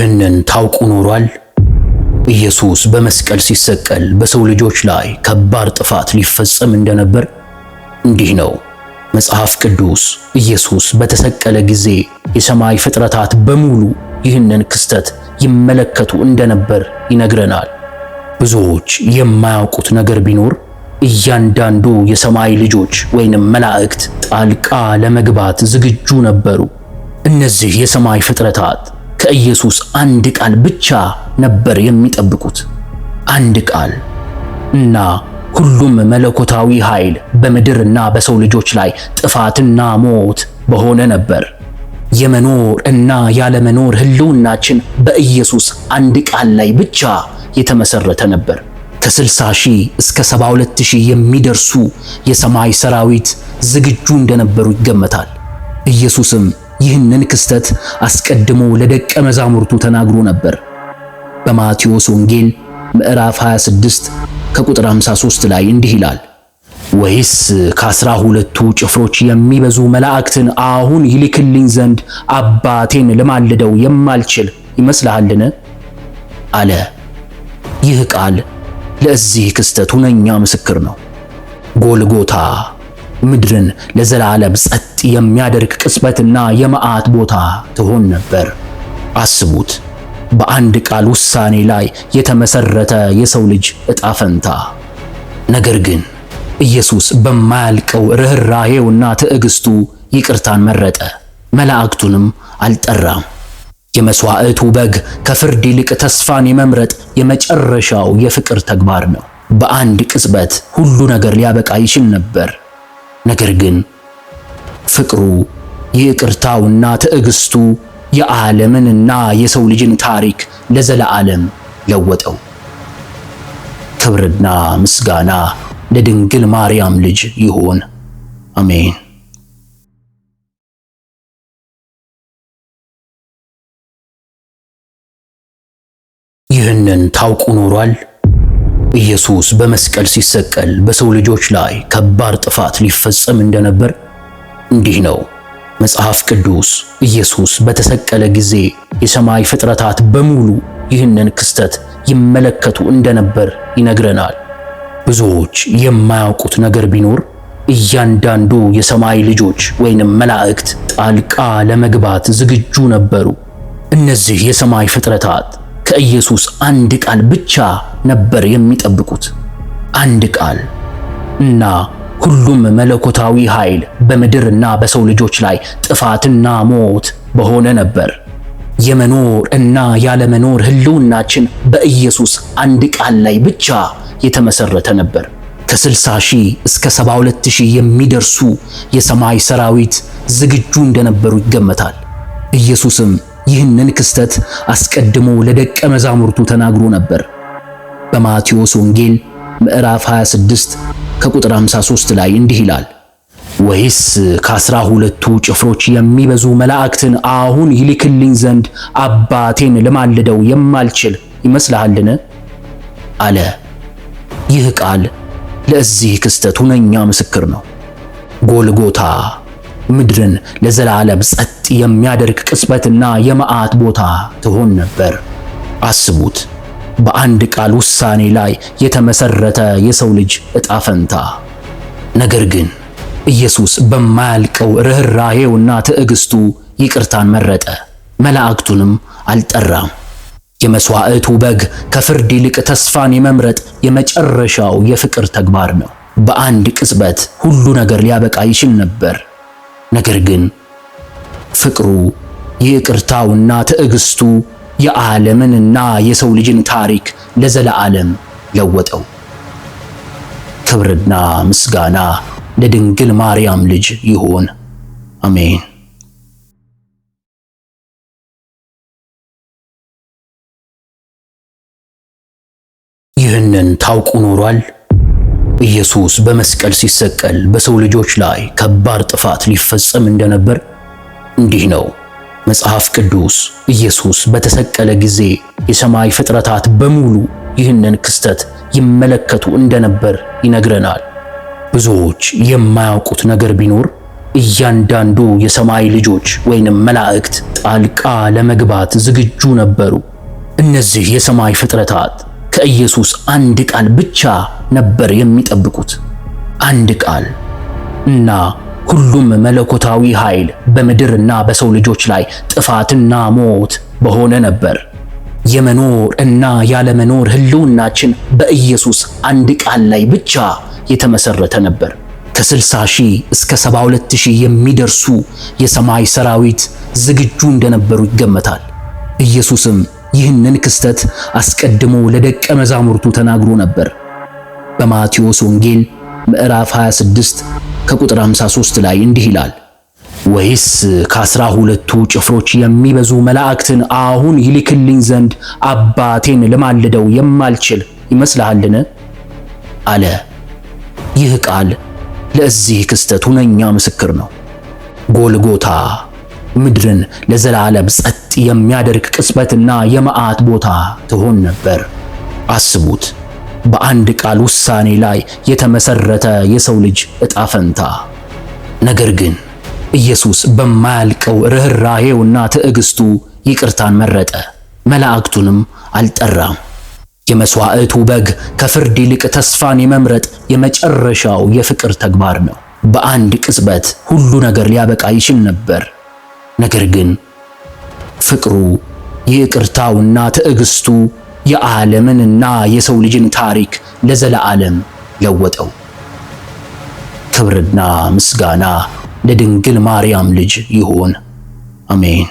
ይህንን ታውቁ ኖሯል? ኢየሱስ በመስቀል ሲሰቀል በሰው ልጆች ላይ ከባድ ጥፋት ሊፈጸም እንደነበር እንዲህ ነው መጽሐፍ ቅዱስ። ኢየሱስ በተሰቀለ ጊዜ የሰማይ ፍጥረታት በሙሉ ይህንን ክስተት ይመለከቱ እንደነበር ይነግረናል። ብዙዎች የማያውቁት ነገር ቢኖር እያንዳንዱ የሰማይ ልጆች ወይንም መላእክት ጣልቃ ለመግባት ዝግጁ ነበሩ። እነዚህ የሰማይ ፍጥረታት ከኢየሱስ አንድ ቃል ብቻ ነበር የሚጠብቁት። አንድ ቃል እና ሁሉም መለኮታዊ ኃይል በምድርና በሰው ልጆች ላይ ጥፋትና ሞት በሆነ ነበር። የመኖር እና ያለመኖር ህልውናችን በኢየሱስ አንድ ቃል ላይ ብቻ የተመሰረተ ነበር። ከ60 ሺህ እስከ 72 ሺህ የሚደርሱ የሰማይ ሰራዊት ዝግጁ እንደነበሩ ይገመታል። ኢየሱስም ይህንን ክስተት አስቀድሞ ለደቀ መዛሙርቱ ተናግሮ ነበር። በማቴዎስ ወንጌል ምዕራፍ 26 ከቁጥር 53 ላይ እንዲህ ይላል፣ ወይስ ከአስራ ሁለቱ ጭፍሮች የሚበዙ መላእክትን አሁን ይልክልኝ ዘንድ አባቴን ለማልደው የማልችል ይመስልሃልን? አለ። ይህ ቃል ለዚህ ክስተት ሁነኛ ምስክር ነው። ጎልጎታ ምድርን ለዘላለም ጸጥ የሚያደርግ ቅጽበትና የመዓት ቦታ ትሆን ነበር። አስቡት፣ በአንድ ቃል ውሳኔ ላይ የተመሰረተ የሰው ልጅ እጣ ፈንታ። ነገር ግን ኢየሱስ በማያልቀው ርኅራሄውና ትዕግስቱ ይቅርታን መረጠ፣ መላእክቱንም አልጠራም። የመሥዋዕቱ በግ ከፍርድ ይልቅ ተስፋን የመምረጥ የመጨረሻው የፍቅር ተግባር ነው። በአንድ ቅጽበት ሁሉ ነገር ሊያበቃ ይችል ነበር። ነገር ግን ፍቅሩ ይቅርታውና ትዕግስቱ የዓለምንና የሰው ልጅን ታሪክ ለዘላለም ለወጠው። ክብርና ምስጋና ለድንግል ማርያም ልጅ ይሁን፣ አሜን። ይህንን ታውቁ ኖሯል? ኢየሱስ በመስቀል ሲሰቀል በሰው ልጆች ላይ ከባድ ጥፋት ሊፈጸም እንደነበር እንዲህ ነው መጽሐፍ ቅዱስ ኢየሱስ በተሰቀለ ጊዜ የሰማይ ፍጥረታት በሙሉ ይህንን ክስተት ይመለከቱ እንደነበር ይነግረናል። ብዙዎች የማያውቁት ነገር ቢኖር እያንዳንዱ የሰማይ ልጆች ወይንም መላእክት ጣልቃ ለመግባት ዝግጁ ነበሩ። እነዚህ የሰማይ ፍጥረታት ከኢየሱስ አንድ ቃል ብቻ ነበር የሚጠብቁት፣ አንድ ቃል እና ሁሉም መለኮታዊ ኃይል በምድርና በሰው ልጆች ላይ ጥፋትና ሞት በሆነ ነበር። የመኖር እና ያለመኖር ህልውናችን በኢየሱስ አንድ ቃል ላይ ብቻ የተመሰረተ ነበር። ከ60 ሺህ እስከ 72 ሺህ የሚደርሱ የሰማይ ሰራዊት ዝግጁ እንደነበሩ ይገመታል። ኢየሱስም ይህንን ክስተት አስቀድሞ ለደቀ መዛሙርቱ ተናግሮ ነበር። በማቴዎስ ወንጌል ምዕራፍ 26 ከቁጥር 53 ላይ እንዲህ ይላል፣ ወይስ ከአስራ ሁለቱ ጭፍሮች የሚበዙ መላእክትን አሁን ይልክልኝ ዘንድ አባቴን ለማልደው የማልችል ይመስልሃልን? አለ። ይህ ቃል ለዚህ ክስተት ሁነኛ ምስክር ነው። ጎልጎታ ምድርን ለዘላለም ጸጥ የሚያደርግ ቅጽበትና የመዓት ቦታ ትሆን ነበር። አስቡት፣ በአንድ ቃል ውሳኔ ላይ የተመሰረተ የሰው ልጅ እጣፈንታ ፈንታ። ነገር ግን ኢየሱስ በማያልቀው ርኅራሄውና ትዕግስቱ ይቅርታን መረጠ፣ መላእክቱንም አልጠራም። የመሥዋዕቱ በግ ከፍርድ ይልቅ ተስፋን የመምረጥ የመጨረሻው የፍቅር ተግባር ነው። በአንድ ቅጽበት ሁሉ ነገር ሊያበቃ ይችል ነበር። ነገር ግን ፍቅሩ ይቅርታውና ትዕግስቱ የዓለምንና የሰው ልጅን ታሪክ ለዘለዓለም ለወጠው። ክብርና ምስጋና ለድንግል ማርያም ልጅ ይሆን፣ አሜን። ይህንን ታውቁ ኖሯል? ኢየሱስ በመስቀል ሲሰቀል በሰው ልጆች ላይ ከባድ ጥፋት ሊፈጸም እንደነበር እንዲህ ነው መጽሐፍ ቅዱስ ኢየሱስ በተሰቀለ ጊዜ የሰማይ ፍጥረታት በሙሉ ይህንን ክስተት ይመለከቱ እንደነበር ይነግረናል። ብዙዎች የማያውቁት ነገር ቢኖር እያንዳንዱ የሰማይ ልጆች ወይንም መላእክት ጣልቃ ለመግባት ዝግጁ ነበሩ። እነዚህ የሰማይ ፍጥረታት ከኢየሱስ አንድ ቃል ብቻ ነበር የሚጠብቁት። አንድ ቃል እና ሁሉም መለኮታዊ ኃይል በምድርና በሰው ልጆች ላይ ጥፋትና ሞት በሆነ ነበር። የመኖር እና ያለመኖር ህልውናችን በኢየሱስ አንድ ቃል ላይ ብቻ የተመሰረተ ነበር። ከ60 ሺህ እስከ 72 ሺህ የሚደርሱ የሰማይ ሰራዊት ዝግጁ እንደነበሩ ይገመታል። ኢየሱስም ይህንን ክስተት አስቀድሞ ለደቀ መዛሙርቱ ተናግሮ ነበር። በማቴዎስ ወንጌል ምዕራፍ 26 ከቁጥር 53 ላይ እንዲህ ይላል፣ ወይስ ከአስራ ሁለቱ ጭፍሮች የሚበዙ መላእክትን አሁን ይልክልኝ ዘንድ አባቴን ለማልደው የማልችል ይመስልሃልን? አለ። ይህ ቃል ለዚህ ክስተት ሁነኛ ምስክር ነው። ጎልጎታ ምድርን ለዘላለም ጸጥ የሚያደርግ ቅጽበትና የመዓት ቦታ ትሆን ነበር። አስቡት፣ በአንድ ቃል ውሳኔ ላይ የተመሰረተ የሰው ልጅ እጣ ፈንታ። ነገር ግን ኢየሱስ በማያልቀው ርኅራሄውና ትዕግስቱ ይቅርታን መረጠ፣ መላእክቱንም አልጠራም። የመሥዋዕቱ በግ ከፍርድ ይልቅ ተስፋን የመምረጥ የመጨረሻው የፍቅር ተግባር ነው። በአንድ ቅጽበት ሁሉ ነገር ሊያበቃ ይችል ነበር። ነገር ግን ፍቅሩ ይቅርታውና ትዕግስቱ የዓለምንና የሰው ልጅን ታሪክ ለዘለዓለም ለወጠው። ክብርና ምስጋና ለድንግል ማርያም ልጅ ይሁን፣ አሜን።